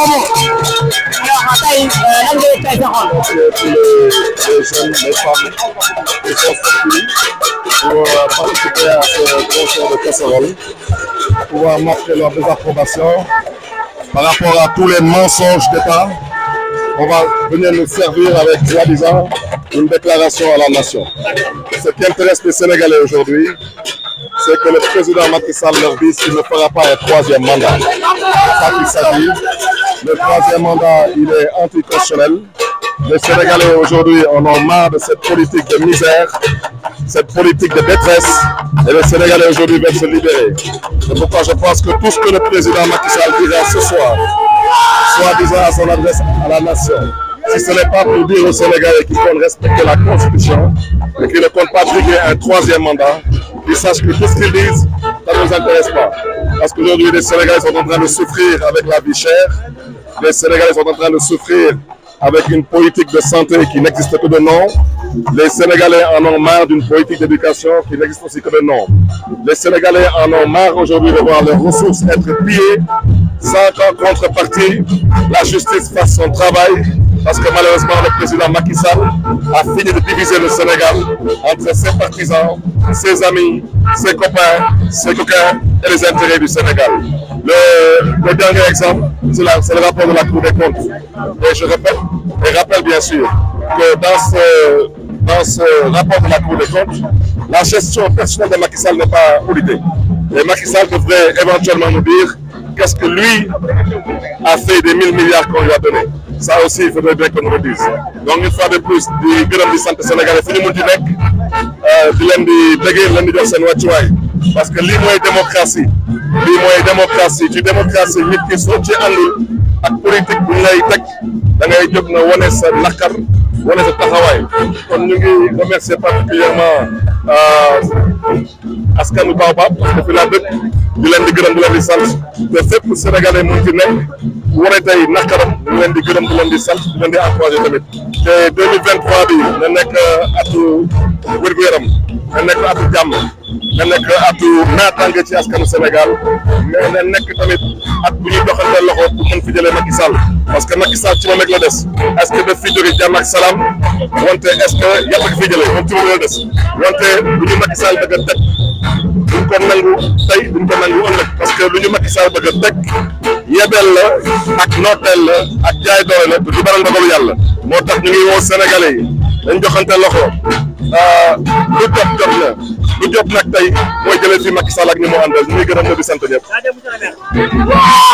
doomu ñoo xam tey euh, lan ngay tey sa xol. les jeunes les femmes les enfants pour participer à ce concert de casserole pouvoir montrer leur désapprobation tous les mensonges d'État on va venir nous servir avec soi-disant une la nation ce qui intéresse les Sénégalais aujourd'hui c'est le président Macky Sall leur dise fera pas un troisième mandat c'est ça qu'il s'agit le troisième mandat, il est anticonstitutionnel. Les Sénégalais aujourd'hui en ont de cette politique de misère, cette politique de détresse, et les Sénégalais aujourd'hui veulent se libérer. C'est pourquoi je pense que tout ce que le président Macky Sall ce soir, soit disant à son adresse à la nation, si ce n'est pas pour dire aux Sénégalais qu'ils comptent pas briguer un troisième mandat, qu'ils sachent que tout ce qu'ils disent, ça ne nous intéresse pas. Parce de souffrir Les Sénégalais sont en train de souffrir avec une politique de santé qui n'existe que de nom. Les Sénégalais en ont marre d'une politique d'éducation qui n'existe aussi que de nom. Les Sénégalais en ont marre aujourd'hui de voir leurs ressources être pillées sans contrepartie, la justice fasse son travail. Parce que malheureusement, le président Macky a fini de diviser le Sénégal entre ses partisans, ses amis, ses copains, ses coquins et les c'est le rapport de la Cour des comptes. Et je rappelle bien sûr que dans ce, rapport de la Cour des comptes, la gestion personnelle de Macky Sall n'est pas auditée. Et Macky Sall devrait éventuellement nous dire qu'est-ce que lui a fait des 1000 milliards qu'on lui a donnés. nous le dise. Donc, une fois de plus, di gërëm di sant Sénégalais fu ñu mën di nekk euh, di leen di bëggee leen di jox parce que lii mooy démocratie lii mooy démocratie ci démocratie nit ki soo ci àndul ak politique bu lay teg da ngay jóg na wane sa naqar wane sa taxawaay kon ñu ngi remercier particulièrement euh, askanu Baobab parce que fi laa di leen di gërëm di leen di sant te fépp sénégalais mu ci nekk wane tey naqaram di leen di gërëm di leen di sant di leen di encouragé tamit te 2023 bi na nekk euh, atu wér-gu-yaram na nekk atu jàmm na nekk atu naataange ci askanu senegal mais na nekk tamit at bu ñuy doxante loxo pour mën fi jëlee Macky sal parce que Macky Sall ci moom la des est-ce que daf fi jóge jàmm ak salaam wante est-ce que yàlla fi jëlee moom ci moom la des wante bu ñu Macky Sall bëgg a teg duñ ko nangu tey duñ nangu ëllëg parce que lu ñu Macky Sall bëgg a teg yebeel la ak nooteel la ak jaay doole la du baral ndogalu yàlla moo tax ñu ngi woo dañ joxante loxo euh, lu jot jot na. lu jot nag tey mooy jëlee fi Macky Sall ak ñi moo àndal ñu ngi gërëm na